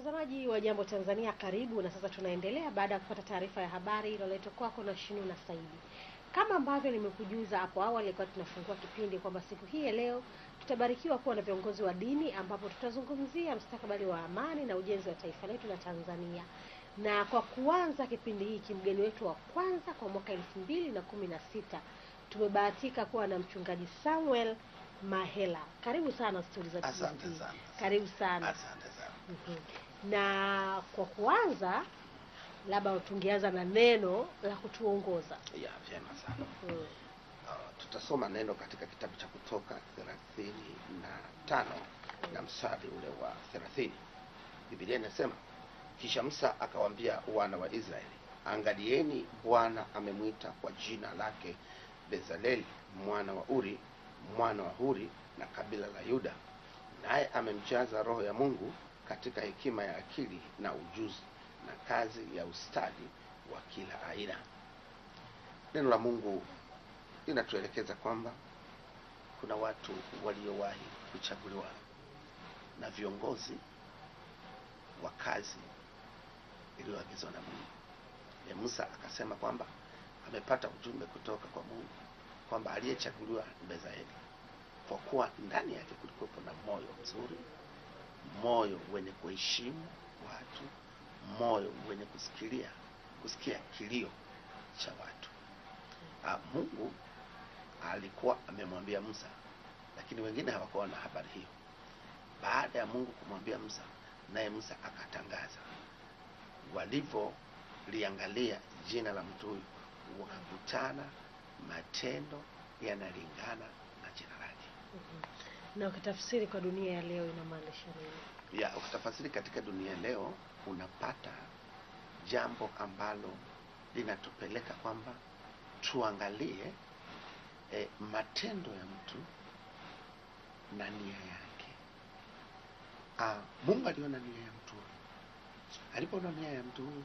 Watazamaji wa Jambo Tanzania, karibu na sasa tunaendelea baada ya kupata taarifa ya habari iliyoletwa kwako na Shinu na Saidi. Kama ambavyo nimekujuza hapo awali, ilikuwa tunafungua kipindi kwamba siku hii ya leo tutabarikiwa kuwa na viongozi wa dini, ambapo tutazungumzia mstakabali wa amani na ujenzi wa taifa letu la Tanzania. Na kwa kuanza kipindi hiki, mgeni wetu wa kwanza kwa mwaka elfu mbili na kumi na sita tumebahatika kuwa na mchungaji Samuel Mahela. Karibu sana studio za TV. Karibu sana. Asante sana. Mm -hmm na kwa kuanza labda tungeanza na neno la kutuongoza. Ya, vyema sana hmm. Uh, tutasoma neno katika kitabu cha Kutoka thelathini na tano hmm. na mstari ule wa thelathini. Biblia inasema kisha msa akawaambia wana wa Israeli, angalieni, Bwana amemwita kwa jina lake Bezaleli mwana wa Uri mwana wa Huri na kabila la Yuda, naye amemjaza roho ya Mungu katika hekima ya akili na ujuzi na kazi ya ustadi wa kila aina. Neno la Mungu linatuelekeza kwamba kuna watu waliowahi kuchaguliwa na viongozi wa kazi iliyoagizwa na Mungu. E, Musa akasema kwamba amepata ujumbe kutoka kwa Mungu kwamba aliyechaguliwa ni Bezaeli, kwa kuwa ndani yake kulikuwepo na moyo mzuri moyo wenye kuheshimu watu, moyo wenye kusikilia, kusikia kilio cha watu. Ha, ah, Mungu alikuwa amemwambia Musa, lakini wengine hawakuwa na habari hiyo. Baada ya Mungu kumwambia Musa, naye Musa akatangaza, walivyoliangalia jina la mtu huyu wakakutana matendo yanalingana na jina lake. mm -hmm. Na ukitafsiri kwa dunia ya leo inamaanisha nini? Ya, ukitafsiri katika dunia leo unapata jambo ambalo linatupeleka kwamba tuangalie eh, matendo ya mtu na nia yake. Ah, Mungu aliona nia ya mtu huyu. Alipoona nia ya mtu huyu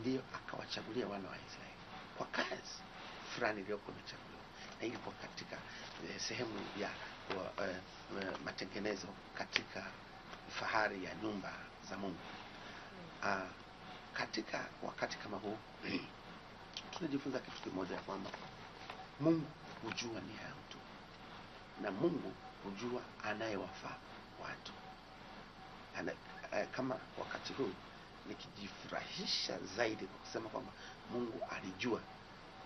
ndio akawachagulia wana wa Israeli kwa kazi fulani iliyokuwa imechaguliwa, na ilipo katika eh, sehemu ya wa, eh, matengenezo katika fahari ya nyumba za Mungu. Uh, katika wakati kama huu tunajifunza kitu kimoja ya kwamba Mungu hujua nia ya mtu na Mungu hujua anayewafaa watu. Ana, eh, kama wakati huu nikijifurahisha zaidi kwa kusema kwamba Mungu alijua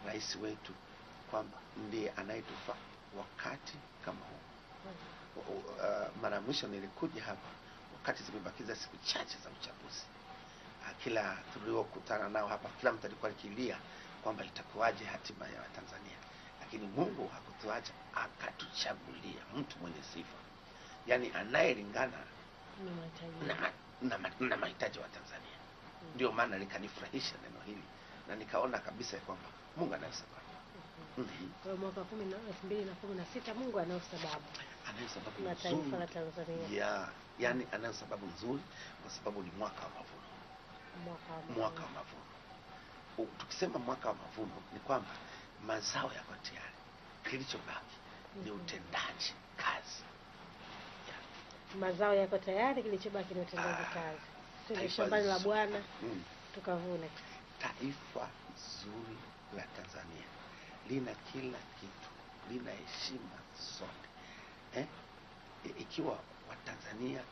rais wetu kwamba ndiye anayetufaa wakati kama huu. Uh, mara mwisho nilikuja hapa wakati zimebakiza siku chache za uchaguzi. Ah, kila tuliokutana nao hapa, kila mtu alikuwa likilia kwamba itakuwaje hatima ya Watanzania, lakini Mungu hakutuacha, akatuchagulia mtu mwenye sifa, yani anayelingana na, mahitaji ya Watanzania. Hmm. Ndio maana likanifurahisha neno hili na nikaona kabisa kwamba Mungu anayesema kwa mwaka elfu mbili na kumi na sita Mungu anayo sababu, anayo sababu na taifa la Tanzania yeah. Yani anayo sababu nzuri kwa sababu ni mwaka wa mavuno, mwaka wa mavuno. Tukisema mwaka wa mavuno ni kwamba mazao yako tayari, kilichobaki ni mhm. utendaji kazi Mazao yako tayari, kilichobaki ni utendaji ah, kazi. Sio shambani la Bwana mm. tukavune taifa zuri la Tanzania lina kila kitu, lina heshima zote eh? E, ikiwa Watanzania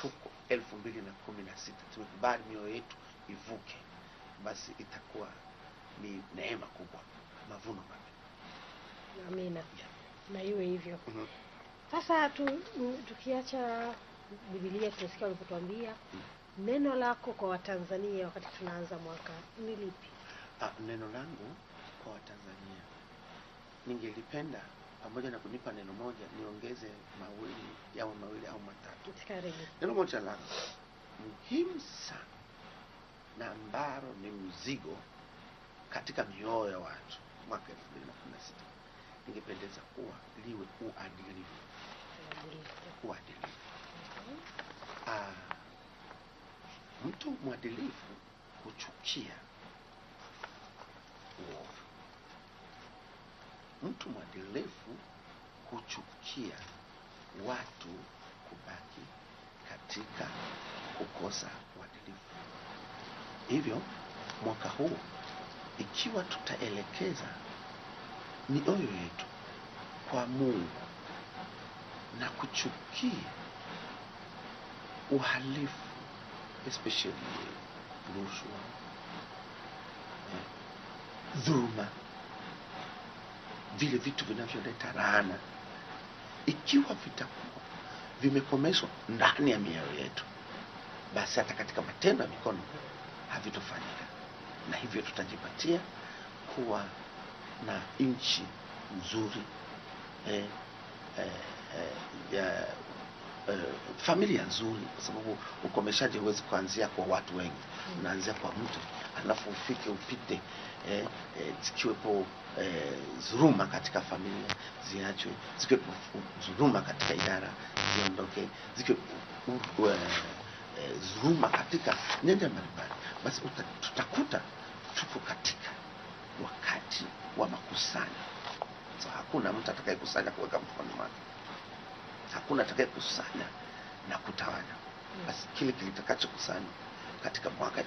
tuko elfu mbili na kumi na sita tumekubali mioyo yetu ivuke, basi itakuwa ni neema kubwa, mavuno mapema. Amina, Na iwe hivyo mm-hmm. mm -hmm. tu, tukiacha Biblia tunasikia ulipotuambia mm -hmm. neno lako kwa Watanzania wakati tunaanza mwaka ni lipi? Ah, neno langu kwa Watanzania. Ningelipenda pamoja na kunipa neno moja niongeze mawili yao mawili au matatu. Neno moja la muhimu sana na ambalo ni mzigo katika mioyo ya watu mwaka 2016 ningependeza kuwa liwe uadilifu, uadilifu. Aa, mm-hmm. ah, mtu mwadilifu huchukia uovu Mtu mwadilifu huchukia watu kubaki katika kukosa uadilifu. Hivyo mwaka huu ikiwa tutaelekeza mioyo yetu kwa Mungu na kuchukia uhalifu especially rushwa, eh, dhuluma vile vitu vinavyoleta laana, ikiwa vitakuwa vimekomeshwa ndani ya mioyo yetu, basi hata katika matendo ya mikono havitofanyika, na hivyo tutajipatia kuwa na nchi nzuri eh, eh, eh, ya uh, eh, familia nzuri, kwa sababu ukomeshaji huwezi kuanzia kwa watu wengi, unaanzia kwa mtu alafu ufike upite eh, eh, zikiwepo eh, katika familia ziachwe, zikiwepo zuruma katika idara ziondoke, zikiwepo dhuluma eh, eh, katika nyanja mbalimbali, basi tutakuta tupo katika wakati wa makusanyo. So hakuna mtu atakayekusanya kuweka mkono wake hakuna atakaye kusanya na kutawanya. Mm. Basi kile kilitakacho kusanya katika mwaka 2016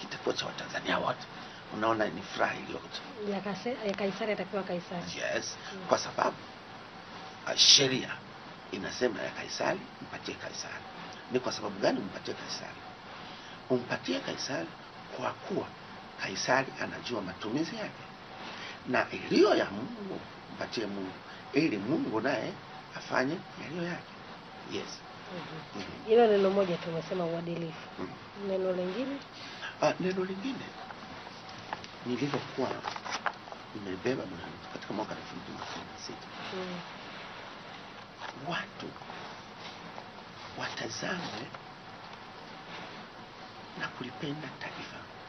kitakuwa cha Watanzania wote. Unaona, ni furaha iliyoje ya Kaisari, atakiwa Kaisari. Yes, mm. kwa sababu uh, sheria inasema ya Kaisari mpatie Kaisari. Ni kwa sababu gani umpatie Kaisari? Umpatie Kaisari kwa kuwa Kaisari anajua matumizi yake, na iliyo ya Mungu mpatie Mungu ili Mungu naye afanye yaliyo yake. Yes. Mm -hmm. Hilo neno moja tumesema uadilifu. mm -hmm. Neno lingine ah, neno lingine nilivyokuwa nimebeba mwanangu katika mwaka elfu mbili na na sita mm. watu watazame na kulipenda taifa